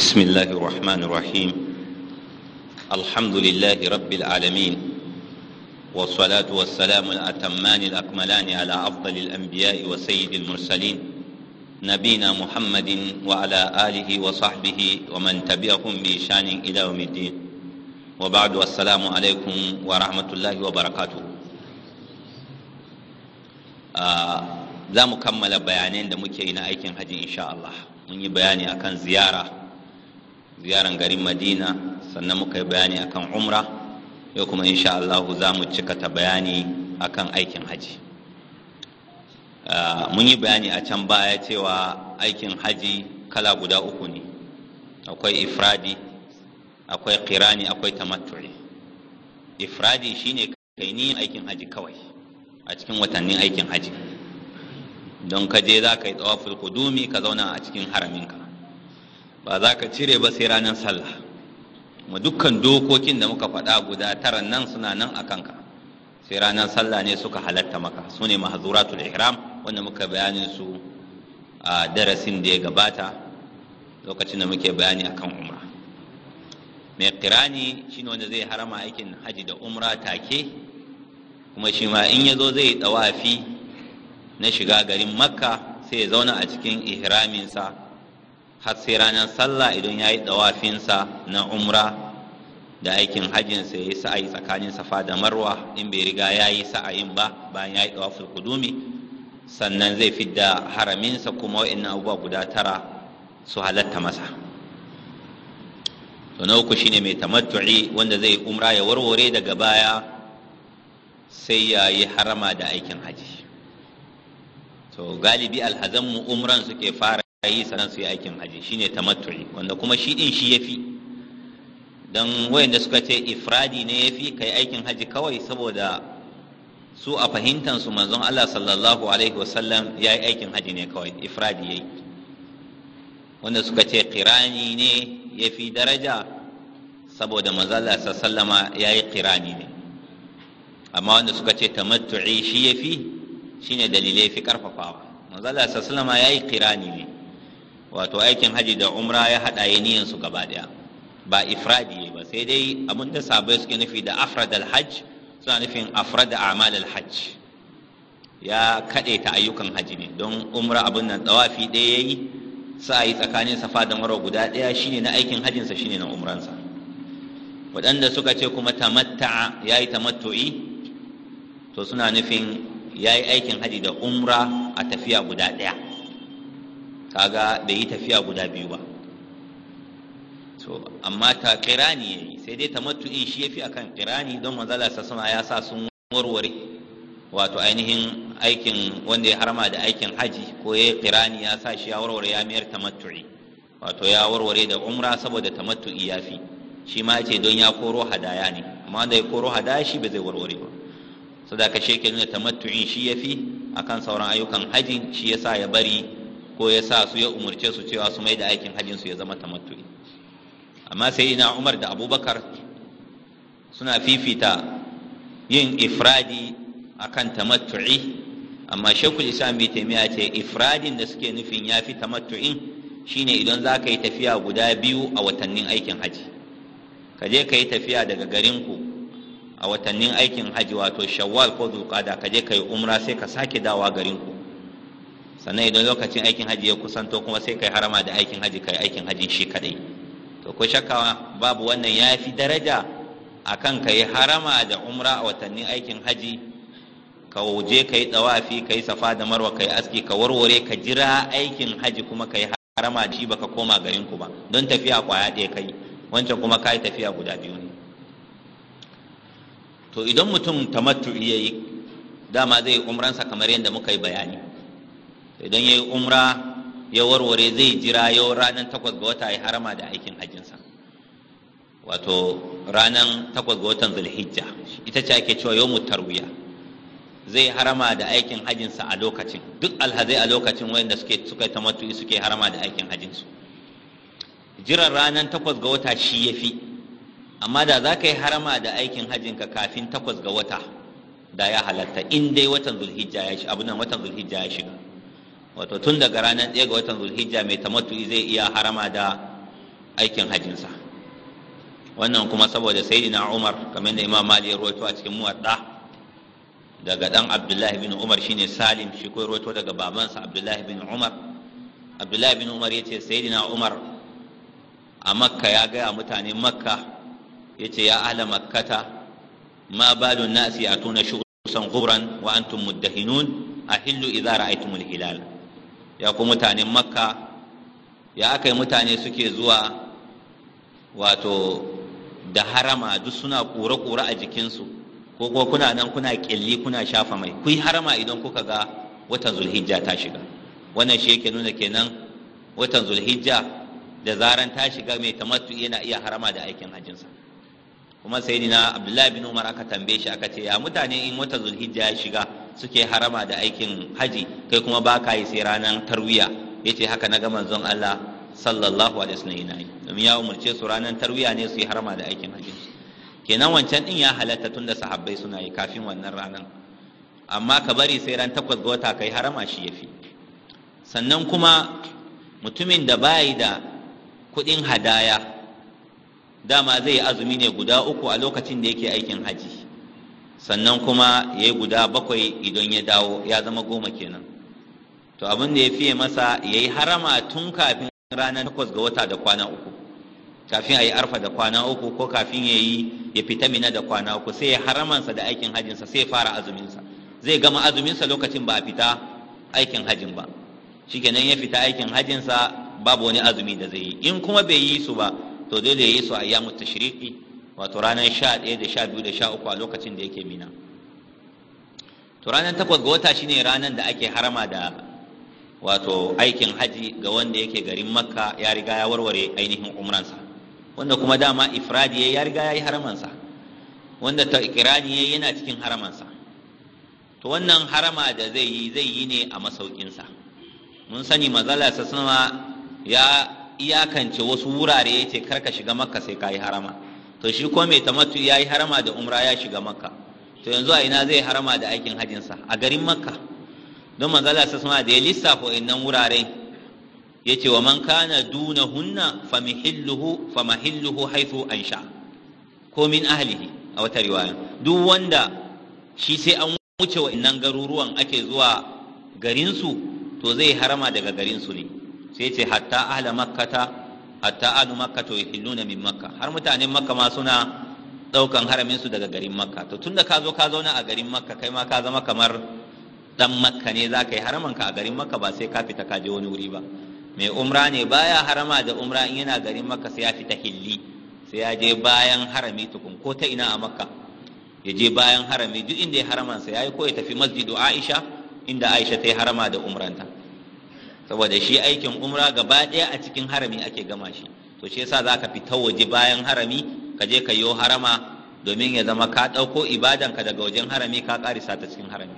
بسم الله الرحمن الرحيم الحمد لله رب العالمين والصلاة والسلام الأتمان الأكملان على أفضل الأنبياء وسيد المرسلين نبينا محمد وعلى آله وصحبه ومن تبعهم بإشان إلى يوم الدين وبعد والسلام عليكم ورحمة الله وبركاته آه، لا مكمل بيانين bayanan da muke yi na aikin hajji insha Allah mun yi ziyaran garin madina sannan muka yi bayani akan umra yau kuma insha Allah za mu cika ta bayani akan aikin haji ah, mun yi bayani a can baya cewa aikin haji kala guda uku ne akwai ifradi akwai kirani akwai tamattu'i ifradi shine kai ni aikin haji kawai a cikin watannin aikin haji don ka je za ka yi tsawafin kudumi ka zauna a cikin haraminka ba za ka cire ba sai ranar sallah ma dukkan dokokin da muka faɗa guda tara nan suna nan a kanka sai ranar sallah ne suka halatta maka su ne mahazuratul ihram wanda muka bayanin su a darasin da ya gabata lokacin da muke bayani akan umra mai kirani shi ne wanda zai harama aikin haji da umra take kuma shi ma in ya zo zai tsawafi na shiga garin makka sai ya zauna a cikin ihraminsa har sai ranar sallah idan ya yi ɗawafinsa na umra da aikin hajjinsa ya yi sa'ayi tsakanin safa da marwa in bai riga ya yi sa'ayin ba bayan ya yi ɗawafin kudumi sannan zai fi da haraminsa kuma wa'in abubuwa guda tara su halatta masa to na uku shine mai tamattu'i wanda zai umra ya warware daga baya sai ya yi harama da aikin haji to galibi alhazanmu umran suke fara yi sanan su yi aikin haji shine tamattu'i wanda kuma shi din shi yafi dan wayanda suka ce ifradi ne yafi kai aikin haji kawai saboda su a fahimtan su manzon Allah sallallahu alaihi wasallam ya yi aikin haji ne kawai ifradi yayi wanda suka ce qirani ne ya fi daraja saboda manzon Allah sallama ya yi qirani ne amma wanda suka ce tamattu'i shi ya yafi shine dalilai fi karfafawa manzon Allah sallama ya yi qirani ne wato aikin haji da umra ya haɗa ya niyan su gaba ɗaya ba ifradi ba sai dai abin da sabai suke nufi da afrad alhajj suna nufin afrad amal alhajj ya kaɗe ta ayyukan haji ne don umra abin nan tsawafi ɗaya yayi sa'ayi tsakanin safa da marwa guda ɗaya shine na aikin hajinsa shine na umransa waɗanda suka ce kuma tamatta'a yayi tamattu'i to suna nufin yayi aikin haji da umra a tafiya guda ɗaya kaga bai yi tafiya guda biyu ba to amma ta ya yayi sai dai in shi ya fi akan kirani don manzala suna ya sa sun warware wato ainihin aikin wanda ya harma da aikin haji ko ya kirani ya sa shi ya warware ya mayar tamattu'i wato ya warware da umra saboda ya fi. shi ma ce don ya koro hadaya ne amma da ya koro hadaya shi ba zai warware ba sadaka shekin da tamattu'in shi yafi akan sauran ayyukan haji shi yasa ya bari ko ya sa su ya umarce su cewa su mai da aikin hajjin ya zama tamattu'i amma sai ina umar da abubakar suna fifita yin ifradi akan tamattu'i amma shekul islam bai taimiya ce ifradin da suke nufin ya fi tamattu'in shine idan za ka yi tafiya guda biyu a watannin aikin haji ka je ka yi tafiya daga garinku a watannin aikin haji wato shawwal ko zulqada ka je ka yi umra sai ka sake dawa garinku sannan idan lokacin aikin haji ya kusanto kuma sai kai harama da aikin haji kai aikin haji shi kadai to ko shakka babu wannan ya fi daraja akan kai harama da umra a watannin aikin haji ka waje ka yi tsawafi ka yi safa da marwa ka yi aski ka warware ka jira aikin haji kuma ka yi harama shi baka koma garin ku ba don tafiya kwaya ɗaya kai wancan kuma ka yi tafiya guda biyu ne to idan mutum tamattu iya yi dama zai yi umransa kamar yadda muka yi bayani idan ya yi umra ya warware zai jira yau ranar takwas ga wata ya harama da aikin hajjinsa wato ranar takwas ga watan zulhijja ita ce ake cewa yau tarwiya zai harama da aikin hajjinsa a lokacin duk alhazai a lokacin wayanda suke suka tamattu suke harama da aikin hajjinsu jiran ranar takwas ga wata shi ya fi amma da za ka yi harama da aikin hajjinka kafin takwas ga wata da ya halatta in dai watan zulhijja ya shiga abunan watan zulhijja ya shiga wato tun daga ranar ɗaya ga watan zulhijja mai tamattu'i zai iya harama da aikin hajjinsa wannan kuma saboda sayyidina umar kamar da imam mali ya rawaito a cikin muwadda daga dan abdullahi bin umar shine salim shi ko rawaito daga babansa abdullahi bin umar abdullahi bin umar yace sayyidina umar a makka ya gaya mutanen makka yace ya ahla makkata ma balu nasi atuna shughlan ghubran wa antum muddahinun ahillu idza ra'aytumul hilal ya ku mutanen makka ya aka yi mutane suke zuwa wato da harama duk suna kura-kura a jikinsu ko kuna nan kuna ƙyalli, kuna shafa mai ku harama idan kuka ga watan zulhijja ta shiga wannan shi yake nuna kenan watan zulhijja da zaran ta shiga mai tamattu yana iya harama da aikin hajjinsa kuma sai na abdullahi bin umar aka tambaye shi aka ce ya mutane in watan zulhijja ya shiga suke harama da aikin haji kai kuma ba ka yi sai ranar tarwiya ya ce haka na ga manzon Allah sallallahu alaihi wasallam yana yi domin ya umarce su ranar tarwiya ne su yi harama da aikin haji kenan wancan din ya halatta tun da sahabbai suna yi kafin wannan ranar amma ka bari sai ran takwas ga wata kai harama shi yafi sannan kuma mutumin da yi da kuɗin hadaya dama zai yi azumi ne guda uku a lokacin da yake aikin haji sannan kuma ya yi guda bakwai idan ya dawo ya zama goma kenan to abin da ya fiye masa ya yi harama tun kafin ranar takwas ga wata da kwana uku kafin a yi arfa da kwana uku ko kafin ya yi ya fita mina da kwana uku sai ya haramansa da aikin hajjinsa sai ya fara azuminsa zai gama azuminsa lokacin ba a fita aikin hajjin ba shikenan ya fita aikin hajjinsa babu wani azumi da zai yi in kuma bai yi su ba to dole ya yi su a yamu mutashiriki wato ranar sha ɗaya da sha biyu da sha uku a lokacin da yake mina to ranar takwas ga wata shine ranar da ake harama da wato aikin haji ga wanda yake garin makka ya riga ya warware ainihin umransa wanda kuma dama ifradi ya riga ya yi haramansa wanda ta ikirani yana cikin haramansa to wannan harama da zai yi zai yi ne a masaukinsa mun sani mazala sa ya iyakance wasu wurare ya ce karka shiga makka sai ka yi harama to shi ko mai Tamatu ya yi harama da umra ya shiga makka to yanzu a ina zai harama da aikin hajjinsa a garin makka don manzala sa suna da ya lissa lissafa innan wurare ya ce wa man kana duna hunna fa mihilluhu fa mahilluhu an ansha ko min ahalihi a wata riwaya duk wanda shi sai an wuce wa innan garuruwan ake zuwa garinsu to zai harama daga garinsu ne sai ce hatta ahla makkata hatta anu makka to yahilluna min makka har mutanen makka ma suna daukan haramin su daga garin makka to tunda ka zo ka zauna a garin makka kai ma ka zama kamar dan makka ne zaka yi haraman ka a garin makka ba sai ka fita ka je wani wuri ba mai umra ne baya harama da umra in yana garin makka sai ya fita hilli sai ya je bayan harami tukun ko ta ina a makka ya je bayan harami duk inda ya haramansa ya yi ko ya tafi masjidu aisha inda aisha ta harama da umranta saboda shi aikin umra gaba ɗaya a cikin harami ake gama shi to shi yasa za ka fita waje bayan harami ka je ka yi harama domin ya zama ka ɗauko ibadanka daga wajen harami ka ƙarisa ta cikin harami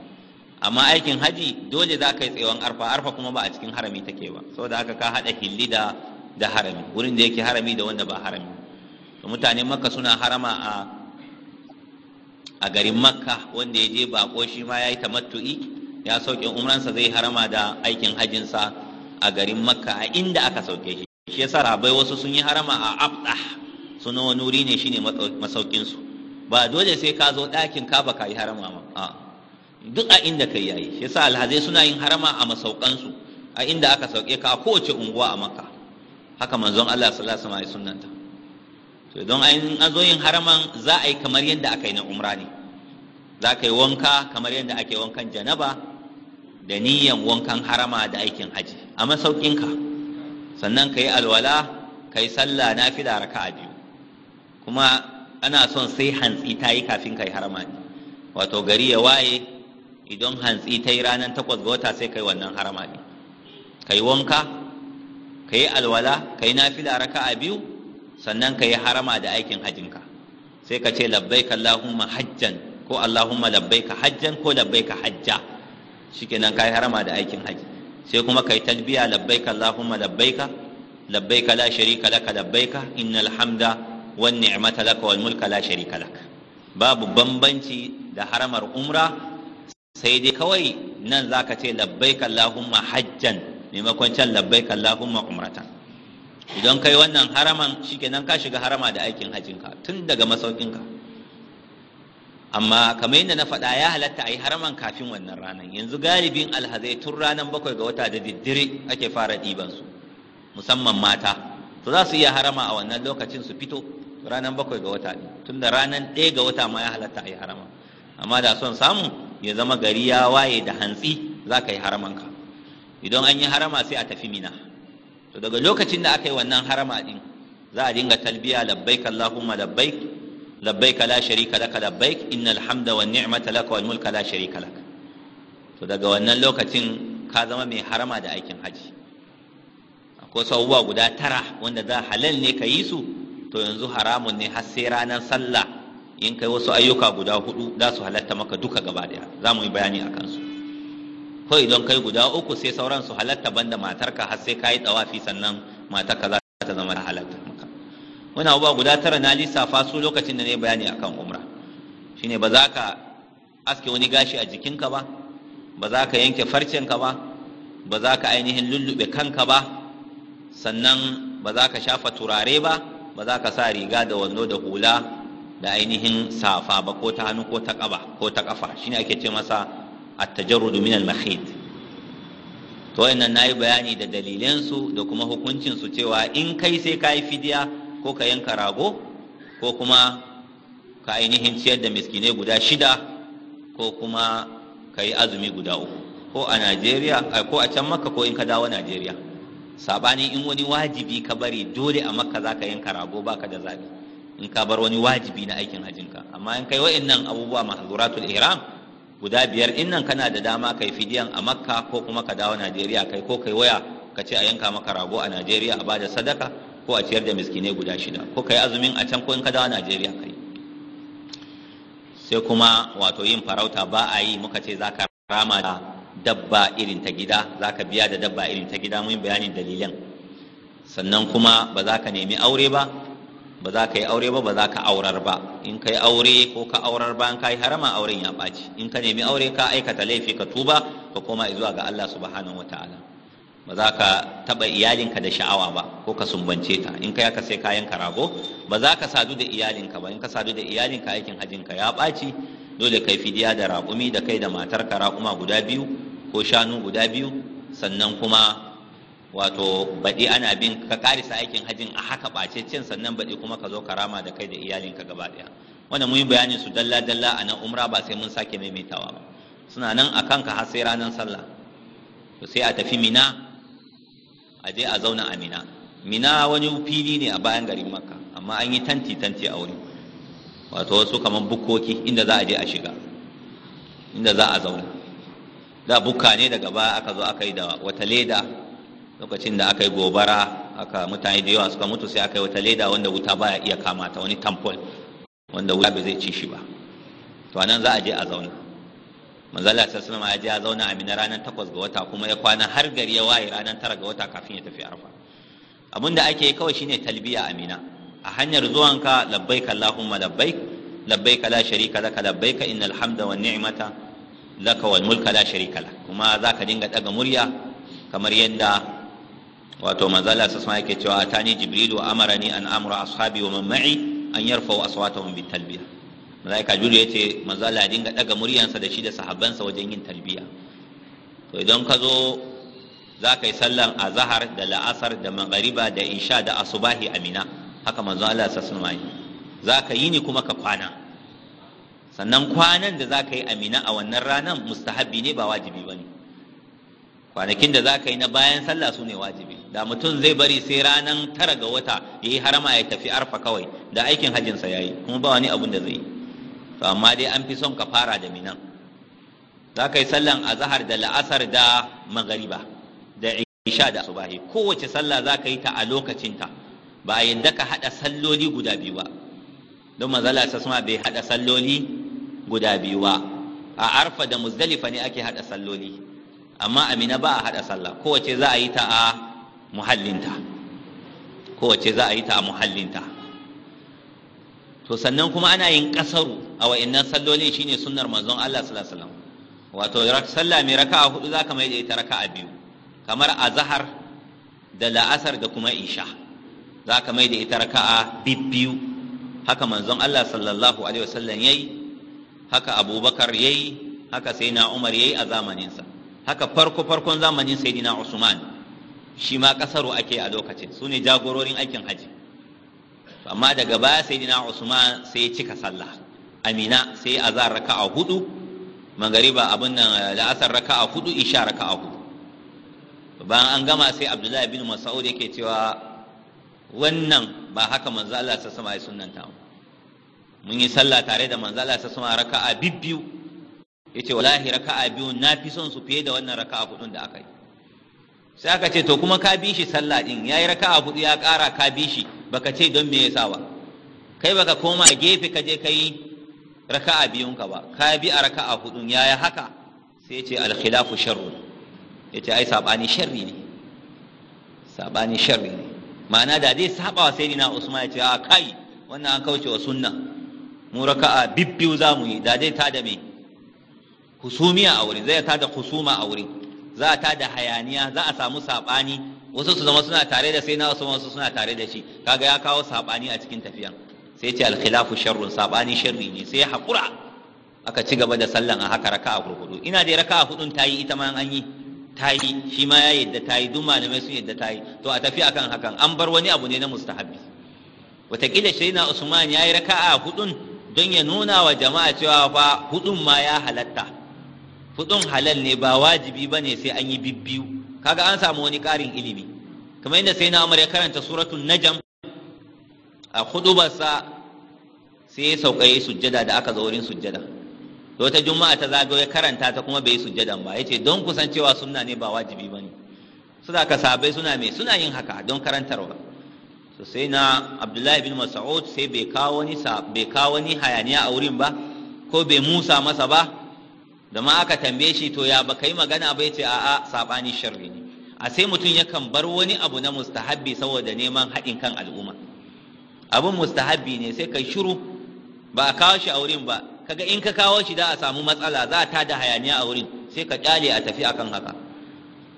amma aikin haji dole za ka yi tsayawan arfa arfa kuma ba a cikin harami take ba saboda haka ka haɗa hilli da da harami wurin da yake harami da wanda ba harami to mutane makka suna harama a a garin makka wanda ya je bako shi ma ya yi tamattu'i ya sauke umransa zai harama da aikin hajinsa a garin makka a inda aka sauke shi shi yasa rabai wasu sun yi harama a abda suna wani wuri ne shine masaukin su ba dole sai ka zo ɗakin ka ba ka yi harama ma a duk a inda kai yayi shi yasa alhazai suna yin harama a masaukan a inda aka sauke ka a kowace unguwa a makka haka manzon Allah sallallahu alaihi wasallam ya sunnanta to don ayin an yin haraman za a yi kamar yadda aka yi na umra ne za ka yi wanka kamar yadda ake wankan janaba da niyyan wankan harama da aikin haji a masaukinka sannan ka yi alwala ka yi sallah na fi da a biyu kuma ana son sai hantsi ta yi kafin ka yi harama ne wato gari ya waye idan hantsi ta yi ranar takwas ga wata sai ka yi wannan harama ne ka yi wanka ka yi alwala ka yi nafila a biyu sannan ka yi harama da aikin hajjinka sai ka ce ka allahumma hajjan ko allahumma ka hajjan ko labbai ka hajja shikenan ka yi harama da aikin hajji sai kuma kai talbiya labbaika allahumma labbaika labbaika la sharika laka labbaika innal hamda wan ni'mata laka wal mulka la sharika laka babu bambanci da haramar umra sai dai kawai nan zaka ce labbaika allahumma hajjan maimakon can labbaika allahumma umratan idan kai wannan haraman shikenan ka shiga harama da aikin hajjinka tun daga masaukinka amma kamar yadda na faɗa ya halatta a yi haraman kafin wannan ranar yanzu galibin alhazai tun ranar bakwai ga wata da diddire ake fara ɗiban su musamman mata to za su iya harama a wannan lokacin su fito ranar bakwai ga wata ɗin tun da ranar ɗaya ga wata ma ya halatta a yi harama amma da son samu ya zama gari ya waye da hantsi za ka yi haramanka idan an yi harama sai a tafi mina to daga lokacin da aka yi wannan harama ɗin za a dinga talbiya labbaik allahumma labbaik labbaika la sharika laka labbaik innal hamda wan ni'mata laka wal mulka la sharika to daga wannan lokacin ka zama mai harama da aikin haji akwai sabuwa guda tara wanda za halal ne ka yi su to yanzu haramun ne har sai ranar sallah in kai wasu ayyuka guda hudu za su halatta maka duka gaba daya za mu yi bayani a kansu ko idan kai guda uku sai sauran su halatta banda matarka har sai ka yi tsawafi sannan matarka za ta zama halatta maka muna ba guda tara na lissafa su lokacin da na yi bayani kan umra ne ba za ka aske wani gashi a jikinka ba ba za ka yanke farcenka ba ba za ka ainihin lullube kanka ba sannan ba za ka shafa turare ba ba za ka sa riga da wando da hula da ainihin safa ba ko ta hannu ko ta ƙaba ko ta ƙafa shine ake ce masa at-tajarrudu min al-mahid to wannan nayi bayani da dalilansu da kuma hukuncin su cewa in kai sai kai fidiya ko ka yanka rago ko kuma ka ainihin ciyar da miskinai guda shida ko kuma ka yi azumi guda uku ko a najeriya ko a can makka ko in ka dawo najeriya saɓani in wani wajibi ka bari dole a makka za ka yanka rago ba ka da zaɓi in ka bar wani wajibi na aikin hajjinka amma in kai wa'innan abubuwa mahzuratul ihram guda biyar in nan kana da dama kai fidiyan a makka ko kuma ka dawo najeriya kai ko kai waya ka ce a yanka maka rago a najeriya a da sadaka ko a ciyar da miskinai guda shida ko kai azumin a can ko in ka dawo Najeriya kai sai kuma wato yin farauta ba a yi muka ce za ka rama da dabba irin ta gida za ka biya da dabba irin ta gida mun bayanin dalilan sannan kuma ba za ka nemi aure ba ba za ka yi aure ba ba za ka aurar ba in ka yi aure ko ka aurar ba ka yi harama auren ya ɓaci in ka nemi aure ka aikata laifi ka tuba ka koma zuwa ga Allah subhanahu wataala ba za ka taɓa iyalinka da sha'awa ba ko ka sumbance ta in kai ka sai kayan ka rago ba za ka sadu da iyalinka ba in ka sadu da iyalinka aikin hajinka ya ɓaci dole kai fidiya da raƙumi da kai da matar ka raƙuma guda biyu ko shanu guda biyu sannan kuma wato baɗi ana bin ka ƙarisa aikin hajjin a haka ɓaceccen sannan baɗi kuma ka zo ka rama da kai da iyalinka gaba ɗaya wannan mun yi bayanin su dalla dalla a nan umra ba sai mun sake maimaitawa ba suna nan a kanka har sai ranar sallah sai a tafi mina a je a zauna a mina mina wani fili ne a bayan garin makka amma an yi tanti tanti a wuri. wato wasu kamar bukoki inda za a je a shiga inda za a zauna da bukka ne daga baya aka zo aka yi da wata leda lokacin da aka yi gobara aka mutane da yawa suka mutu sai aka yi wata leda wanda wuta baya iya kama ta wani tampon wanda wuta bai zai ci shi ba to anan za a je a zauna manzala ta sallama ya je ya zauna a mina ranar takwas ga wata kuma ya kwana har gari ya waye ranar tara ga wata kafin ya tafi arfa abin da ake yi kawai shine talbiya a mina a hanyar zuwanka labbaik allahumma Labbai labbaik la sharika laka labbaik innal hamda wa ni'mata laka wal mulka la sharika lak kuma za ka dinga daga murya kamar yadda wato manzala ta sallama yake cewa atani jibrilu amarani an amra ashabi wa man ma'i an yarfa'u aswatahum bit talbiya malaika jibril yace manzo Allah ya dinga daga muryansa da shi da sahabbansa wajen yin talbiya to idan ka zo za ka yi sallan azahar da la'asar da magariba da Isha da asubahi amina haka manzo Allah ya sassu za ka yi ni kuma ka kwana sannan kwanan da za ka yi amina a wannan ranar mustahabbi ne ba wajibi ba ne kwanakin da za ka yi na bayan sallah su ne wajibi da mutum zai bari sai ranar tara ga wata ya yi harama ya tafi arfa kawai da aikin hajjinsa ya yi kuma ba wani abun da zai yi to amma dai an fi son ka fara da minan za ka yi sallan zahar da la'asar da magariba da isha da subahi kowace sallah za ka yi ta a lokacinta ba a yadda ka haɗa salloli guda biyu ba don mazala sa suma bai haɗa salloli guda biyu ba a arfa da muzdalifa ne ake haɗa salloli amma amina ba a haɗa sallah kowace za a yi ta a muhallinta kowace za a yi ta a muhallinta to sannan kuma ana yin kasaru a wa'annan sallolin shine sunnar manzon Allah sallallahu alaihi wasallam wato sallah mai raka'a hudu zaka mai da ita raka'a biyu kamar azhar da la'asar da kuma isha zaka mai da ita raka'a biyu haka manzon Allah sallallahu alaihi wasallam yayi haka Abubakar yayi haka sayyidina Umar yayi a zamanin sa. haka farko farkon zamanin sayyidina Usman shi ma kasaru ake a lokacin sune jagororin aikin haji amma daga baya dina usman sai ya cika sallah amina sai azar raka'a hudu magariba abin nan la'asar raka'a hudu isha raka'a hudu bayan an gama sai abdullahi bin mas'ud yake cewa wannan ba haka manzo Allah ta sama ya ta. mun yi sallah tare da manzo Allah ta sama raka'a bibbiyu yace wallahi raka'a biyu na fi son su fiye da wannan raka'a hudun da aka yi sai aka ce to kuma ka bi shi sallah din yayi raka'a hudu ya kara ka bishi. baka ce don me yasa ba kai baka koma gefe ka je kai raka'a biyun ka ba ka bi a raka'a hudun yaya haka sai ce al khilafu sharru yace ai sabani sharri ne sabani sharri ne ma'ana da zai saba wa sayyidina Usman yace a ah, kai wannan an kauce wa sunna mu raka'a bibbiyu zamu yi da zai tada me husumiya a wuri zai tada husuma a wuri za a tada hayaniya za a samu sabani wasu su zama suna tare da sai na wasu wasu suna tare da shi kaga ya kawo sabani a cikin tafiyan sai ce alkhilafu sharrun sabani sharri ne sai ya hakura aka ci gaba da sallan a haka raka'a gurgudu ina da raka'a hudun tayi ita ma an yi tayi shi ma ya yadda tayi duk malamai sun yadda tayi to a tafi akan hakan an bar wani abu ne na mustahabbi wataƙila shaina usman ya yi raka'a hudun don ya nuna wa jama'a cewa fa hudun ma ya halatta hudun halal ne ba wajibi ba ne sai an yi bibbiyu kaga an samu wani karin ilimi kamar yadda sai na umar ya karanta suratul najam, a hudubarsa sai ya sauka yi sujjada da aka zo wurin sujjada to ta juma'a ta zagayo ya karanta ta kuma bai yi sujjadan ba yace don kusancewa sunna ne ba wajibi bane suna ka sabai suna mai suna yin haka don karantarwa so sai na abdullahi bin mas'ud sai bai kawo wani hayaniya a wurin ba ko bai musa masa ba da ma aka tambaye shi to ya baka yi magana bai ce a'a sabani sharri ne a sai mutum yakan bar wani abu na mustahabbi saboda neman haɗin kan al'umma abin mustahabbi ne sai kai shiru ba a kawo shi a wurin ba kaga in ka kawo shi da a samu matsala za a tada hayaniya a wurin sai ka kyale a tafi akan haka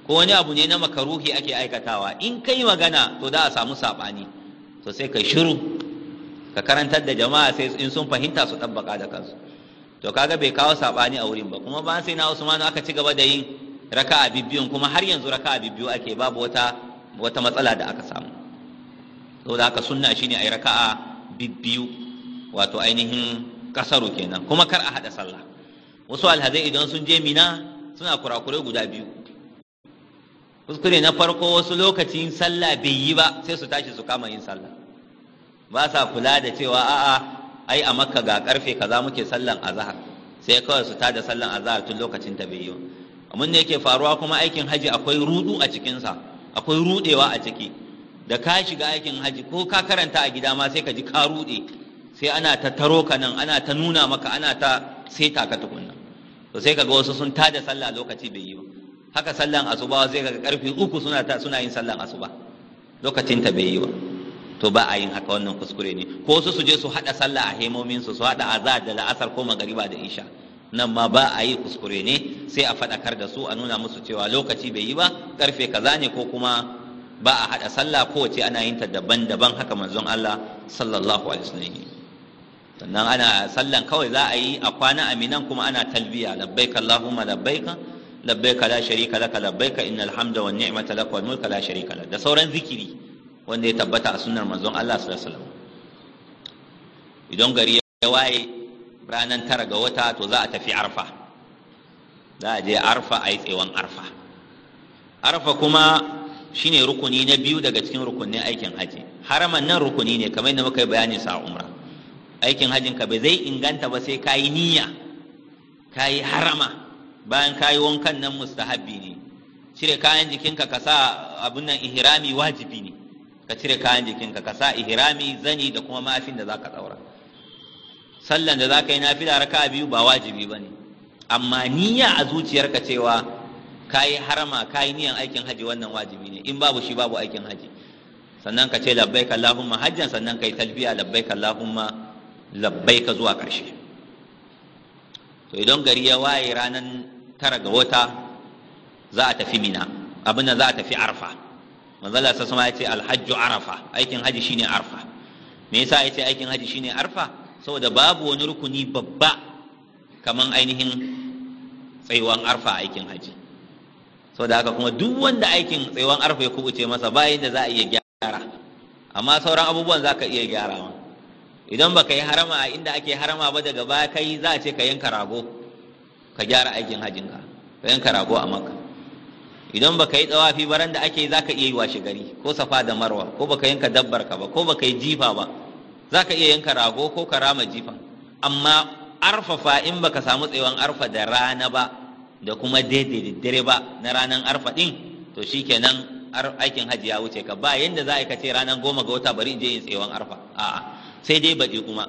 ko wani abu ne na makaruhi ake aikatawa in kai magana to za a samu sabani to sai kai shiru ka karantar da jama'a sai in sun fahimta su tabbaka da kansu to kaga bai kawo sabani a wurin ba kuma ba sai na Usman aka ci gaba da yin raka'a bibbiyun kuma har yanzu raka'a bibbiyu ake babu wata wata matsala da aka samu saboda haka sunna shine ayi raka'a bibbiyu wato ainihin kasaru kenan kuma kar a hada sallah wasu alhazai idan sun je mina suna kurakurai guda biyu kuskure na farko wasu lokacin sallah bai yi ba sai su tashi su kama yin sallah ba sa kula da cewa a'a ai a makka ga karfe kaza muke sallan azhar sai kawai su tada sallan azhar tun lokacin ta bai yi mun ne yake faruwa kuma aikin haji akwai rudu a cikin sa akwai rudewa a ciki da ka shiga aikin haji ko ka karanta a gida ma sai ka ji ka rude sai ana ta taro ka nan ana ta nuna maka ana ta seta ka tukunna to sai kaga wasu sun tada sallah lokaci bai yi ba haka sallan asuba sai kaga karfe uku suna ta suna yin sallan asuba lokacin ta bai yi ba to ba a yin haka wannan kuskure ne ko su je su haɗa sallah a hemomin su su haɗa a da la'asar ko magariba da isha nan ma ba a yi kuskure ne sai a faɗakar da su a nuna musu cewa lokaci bai yi ba karfe kaza ne ko kuma ba a haɗa sallah wace ana yin ta daban-daban haka manzon Allah sallallahu alaihi wasallam sannan ana sallan kawai za a yi a kwana aminan kuma ana talbiya labbaika allahumma labbaika labbaika la sharika laka labbaika innal hamda wan ni'mata lak wal mulka la sharika lak da sauran zikiri wanda ya tabbata a sunar manzon Allah sallallahu alaihi idan gari ya waye ranar tara ga wata to za a tafi arfa za a je arfa a yi tsewan arfa arfa kuma shine rukuni na biyu daga cikin rukunin aikin haji haraman nan rukuni ne kamar yadda muka yi bayani sa umra aikin hajin ka bai zai inganta ba sai kayi niyya kayi harama bayan kayi wankan nan mustahabbi ne cire kayan jikinka ka sa abin nan ihrami wajibi ne ka cire kayan jikinka ka sa ihrami zani da kuma mafin da zaka daura sallan da zaka yi nafila raka biyu ba wajibi bane amma niyya a zuciyarka cewa kayi harama kayi niyan aikin haji wannan wajibi ne in babu shi babu aikin haji sannan ka ce labbaik allahumma hajjan sannan kai talbiya labbaik allahumma labbaik zuwa karshe to idan gari ya waye ranan tara ga wata za a tafi mina abin za a tafi arfa manzala sa sama ya ce alhajju arafa aikin haji shine arfa me yasa ya ce aikin haji shine arfa saboda babu wani rukuni babba kaman ainihin tsaiwan arfa aikin haji saboda haka kuma duk wanda aikin tsaiwan arfa ya kubuce masa ba za a iya gyara amma sauran abubuwan za ka iya ma idan baka yi harama a inda ake harama ba daga baya kai za a ce ka yanka rago ka gyara aikin hajinka ka yanka rago a maka idan baka yi tsawafi baran da ake zaka iya yi washe gari ko safa da marwa ko baka yanka dabbar ka ba ko baka yi jifa ba zaka iya yanka rago ko karama jifa amma arfafa in baka samu tsayuwan arfa da rana ba da kuma daidai da dare ba na ranar arfa din to shikenan aikin hajji ya wuce ka ba yanda za a ce ranar goma ga wata bari je yin tsayuwan arfa a'a sai dai baɗi kuma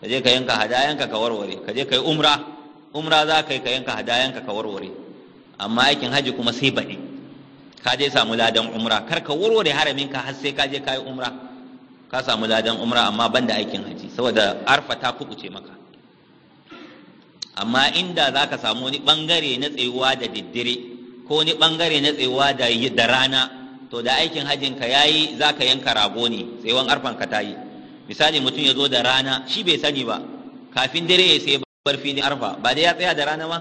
ka je ka yanka hadayanka ka warware ka je ka yi umra umra za ka yi ka yanka hadayanka ka warware amma aikin haji kuma sai baɗi ka je samu ladan umra kar ka warware haramin ka har sai ka je kayi umra ka samu ladan umra amma banda aikin haji saboda arfa ta kubuce maka amma inda zaka samu wani ɓangare na tsayuwa da diddire ko wani ɓangare na tsayuwa da rana to da aikin hajin ka yayi zaka yanka rago ne tsayuwan arfan ka ta yi misali mutum ya zo da rana shi bai sani ba kafin dare ya sai barfi ne arfa ba dai ya tsaya da rana ma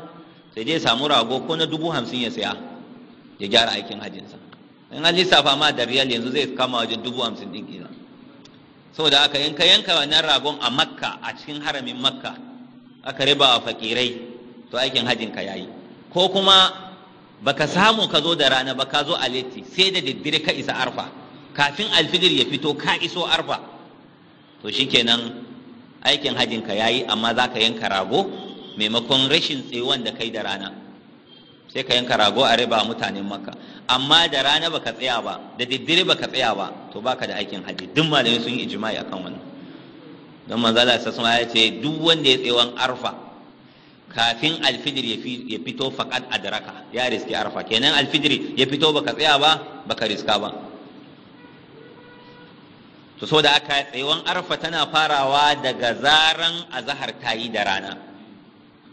sai dai samu rago ko na dubu hamsin ya saya ya gyara aikin hajjinsa in an lissafa ma da riyal yanzu zai kama wajen dubu hamsin ɗin kila saboda aka yanka yanka wannan ragon a makka a cikin haramin makka aka riba wa fakirai to aikin hajjin ka yayi ko kuma baka samu ka zo da rana ba ka zo a letti sai da daddare ka isa arfa kafin alfijir ya fito ka iso arfa to shikenan aikin hajjin ka yayi amma za ka yanka rago maimakon rashin tsewon da kai da rana sai ka yanka rago a riba mutanen maka amma da rana baka tsaya ba da daddare baka tsaya ba to baka da aikin haji duk malamai sun yi ijma'i akan wannan don manzala sassama ya ce duk wanda ya tsewan arfa kafin alfijir ya fito a adraka ya riski arfa kenan alfijir ya fito baka tsaya ba baka riska ba to so da aka tsewan arfa tana farawa daga zaran azahar ta yi da rana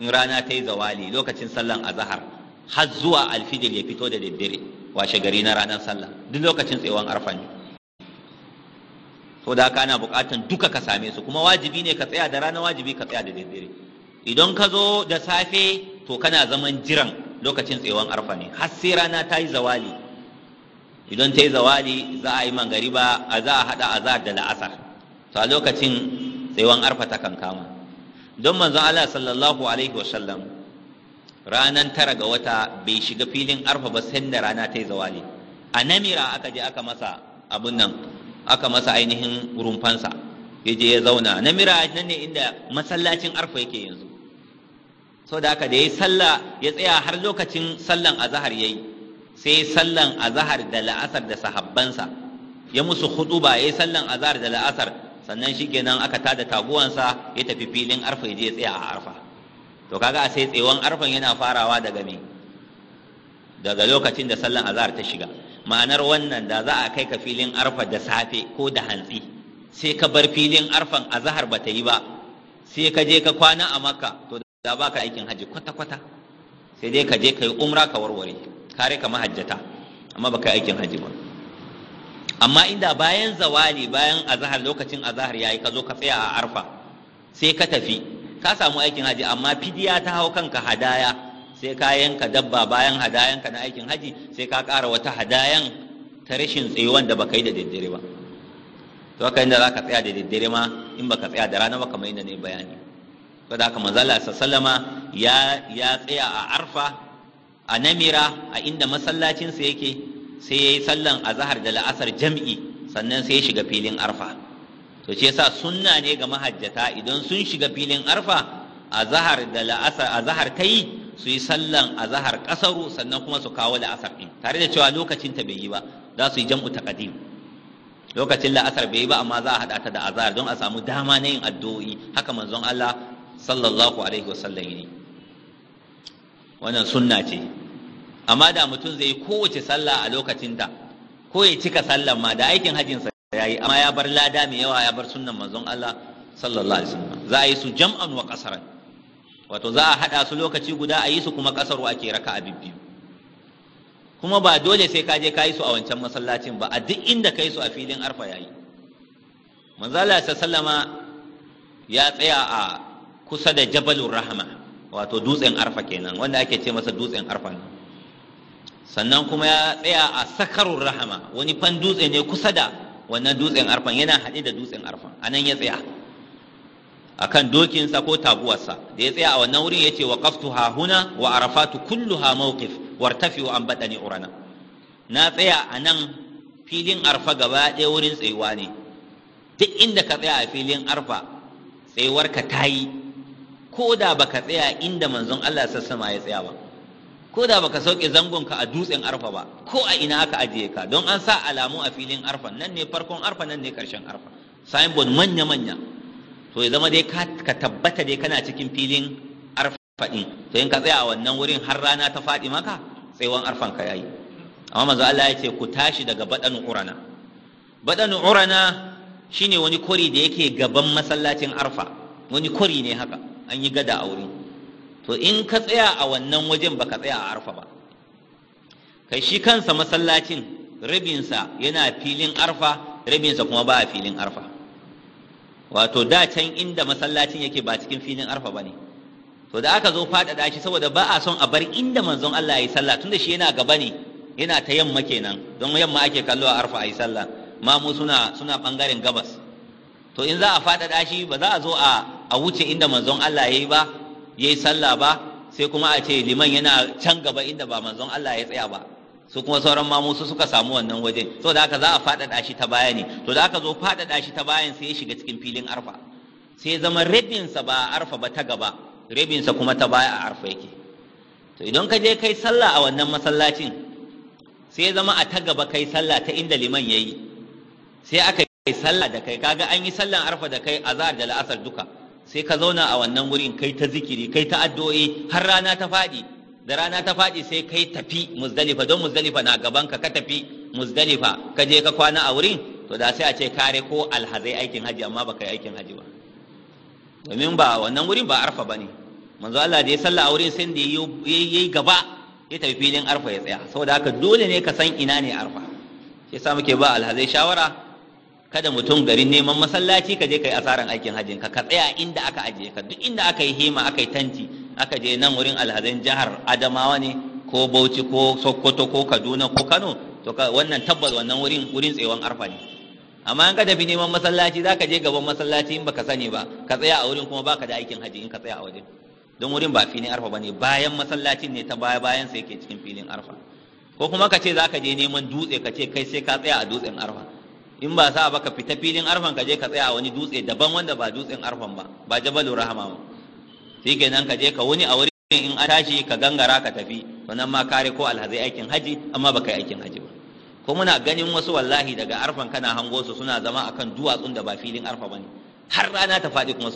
in rana ta yi zawali lokacin sallan azahar har zuwa alfijir ya fito da daddare washe gari na ranar sallah duk lokacin tsewon arfa ne to da haka ana bukatan duka ka same su kuma wajibi ne ka tsaya da rana wajibi ka tsaya da daddare idan ka zo da safe to kana zaman jiran lokacin tsewon arfa ne har sai rana ta yi zawali idan ta yi zawali za a yi mangariba a za a haɗa azar da la'asar to a lokacin tsewon arfa ta kan kama don manzon Allah sallallahu alaihi wasallam ranar tara ga wata bai shiga filin arfa ba sai da rana ta yi zawali a namira aka je aka masa abun nan aka masa ainihin rumfansa ya je ya zauna namira nan ne inda masallacin arfa yake yanzu so da aka da ya yi sallah ya tsaya har lokacin sallan azahar yi, sai sallan azahar da la'asar da sahabbansa ya musu ba ya yi sallan azahar da la'asar sannan shikenan aka tada taguwansa ya tafi filin arfa ya je tsaya a arfa to kaga ga sai tsewan arfan yana farawa daga me daga lokacin da sallan azhar ta shiga ma'anar wannan da za a kai ka filin arfa da safe ko da hantsi sai ka bar filin arfan azhar ba ta yi ba sai ka je ka kwana a makka to da baka aikin haji kwata kwata sai dai ka je ka yi umra ka warware kare ka mahajjata amma baka aikin haji ba amma inda bayan zawali bayan azahar lokacin azahar yayi ka zo ka tsaya a arfa sai ka tafi ka samu aikin haji amma fidiya ta hau kanka hadaya sai ka yanka dabba bayan hadayanka na aikin haji sai ka ƙara wata hadayan ta rashin tsayuwan da baka yi da daddare ba to haka inda za ka tsaya da daddare ma in baka tsaya da rana ba kamar inda ne bayani saboda haka manzala sallama ya ya tsaya a arfa a namira a inda masallacinsa yake sai ya yi sallan azahar da la'asar jam'i sannan sai ya shiga filin arfa to shi yasa sunna ne ga mahajjata idan sun shiga filin arfa azahar da la'asar zahar ta yi su yi sallan azahar kasaru sannan kuma su kawo la'asar din tare da cewa lokacin ta bai yi ba za su yi jam'u ta kadim lokacin la'asar bai yi ba amma za a hada ta da azahar don a samu dama na yin addu'o'i haka manzon Allah sallallahu alaihi wasallam ne wannan sunna ce amma da mutum zai kowace sallah a lokacinta ko ya cika sallan ma da aikin sa ya yi amma ya bar lada mai yawa ya bar sunnan manzon Allah sallallahu alaihi wasallam za a yi su jam'an wa qasaran wato za a hada su lokaci guda a yi su kuma kasaru ake raka a bibbiyu kuma ba dole sai ka je ka yi su a wancan masallacin ba a duk inda ka yi su a filin arfa ya yi. manzo Allah sallama ya tsaya a kusa da jabalur rahama wato dutsen arfa kenan wanda ake ce masa dutsen arfa ne sannan kuma ya tsaya a sakarun rahama wani fan dutse ne kusa da wannan dutsen arfan yana haɗe da dutsen arfan a nan ya tsaya akan dokinsa ko taguwarsa da ya tsaya a wannan wurin ya ce wa kaftu huna wa arafatu kulluha mawqif wartafi wa an baɗani urana na tsaya a nan filin arfa gaba ɗaya wurin tsayuwa ne duk inda ka tsaya a filin arfa tsayuwarka ta yi ko da baka tsaya inda manzon Allah sassama ya tsaya ba ko da baka sauke zangonka a dutsen arfa ba ko a ina aka ajiye ka don an sa alamu a filin arfa nan ne farkon arfa nan ne karshen arfa signboard manya manya to ya zama dai ka tabbata dai kana cikin filin arfa din to in ka tsaya a wannan wurin har rana ta faɗi maka tsaiwan arfan ka yayi amma manzo Allah ya ce ku tashi daga badan urana badan urana shine wani kori da yake gaban masallacin arfa wani kori ne haka an yi gada a wurin to in ka tsaya a wannan wajen baka tsaya a arfa ba kai shi kansa masallacin rabinsa yana filin arfa rabinsa kuma ba a filin arfa wato da can inda masallacin yake ba cikin filin arfa ba ne to da aka zo faɗaɗa shi saboda ba a son a bar inda manzon Allah ya yi sallah tunda shi yana gaba ne yana ta yamma kenan don yamma ake kallo a arfa a yi sallah mamu suna suna ɓangaren gabas to in za a faɗaɗa shi ba za a zo a wuce inda manzon Allah ya yi ba yayi sallah ba sai kuma a ce liman yana can gaba inda ba manzon Allah ya tsaya ba su kuma sauran mamusu suka samu wannan waje da haka za a faɗaɗa shi ta baya ne to da aka zo faɗaɗa shi ta bayan sai ya shiga cikin filin arfa sai zama rabinsa ba a arfa ba ta gaba rabinsa kuma ta baya a arfa yake to idan ka je kai sallah a wannan masallacin sai zama a ta gaba kai sallah ta inda liman yayi yi sai aka kai sallah da kai kaga an yi sallan arfa da kai azhar da la'asar duka sai ka zauna a wannan wurin kai ta zikiri kai ta addu'o'i har rana ta faɗi da rana ta faɗi sai kai tafi muzdalifa don muzdalifa na gaban ka ka tafi muzdalifa ka je ka kwana a wurin to da sai a ce kare ko alhazai aikin haji amma baka yi aikin haji ba domin ba wannan wurin ba arfa bane manzo Allah da ya salla a wurin sai da yayi gaba ya tafi filin arfa ya tsaya saboda haka dole ne ka san ina ne arfa sai sa muke ba alhazai shawara kada mutum garin neman masallaci ka je kai asaran aikin hajjin ka ka tsaya inda aka aje ka duk inda aka yi hima aka yi tanti aka je nan wurin alhazan jihar Adamawa ne ko Bauchi ko Sokoto ko Kaduna ko Kano to wannan tabbas wannan wurin wurin tsewan arfa ne amma in ka tafi neman masallaci zaka je gaban masallaci in baka sani ba ka tsaya a wurin kuma baka da aikin haji in ka tsaya a wajen don wurin ba filin arfa ba ne, bayan masallacin ne ta baya bayan sai yake cikin filin arfa ko kuma ka ce zaka je neman dutse ka ce kai sai ka tsaya a dutsen arfa in ba sa ba ka fita filin arfan ka je ka tsaya a wani dutse daban wanda ba dutsen arfan ba ba jabalu rahama ba sai kenan ka je ka wuni a wurin in an tashi ka gangara ka tafi to nan ma kare ko alhazai aikin haji amma baka yi aikin haji ba ko muna ganin wasu wallahi daga arfan kana hango su suna zama akan duwatsun da ba filin arfa bane har rana ta faɗi kuma